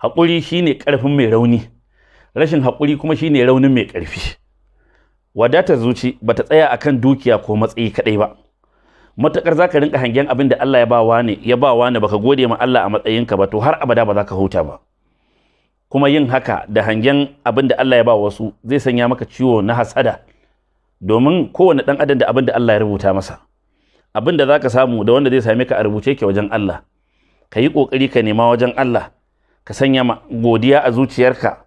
haƙuri shine ƙarfin mai rauni rashin haƙuri kuma shine raunin mai ƙarfi wadatar zuci bata tsaya akan dukiya ko matsayi kaɗai ba matakar zaka rinka hangen abin da Allah ya ba ne ya ba ne baka gode ma Allah a matsayinka ba to har abada ba za ka huta ba kuma yin haka da hangen abin da Allah ya ba wasu zai sanya maka ciwo na hasada domin kowane ɗan adam da abin da Allah ya rubuta masa abin da zaka samu da wanda zai same ka a rubuce ke wajen Allah ka yi ƙoƙari ka nema wajen Allah ka sanya godiya a zuciyarka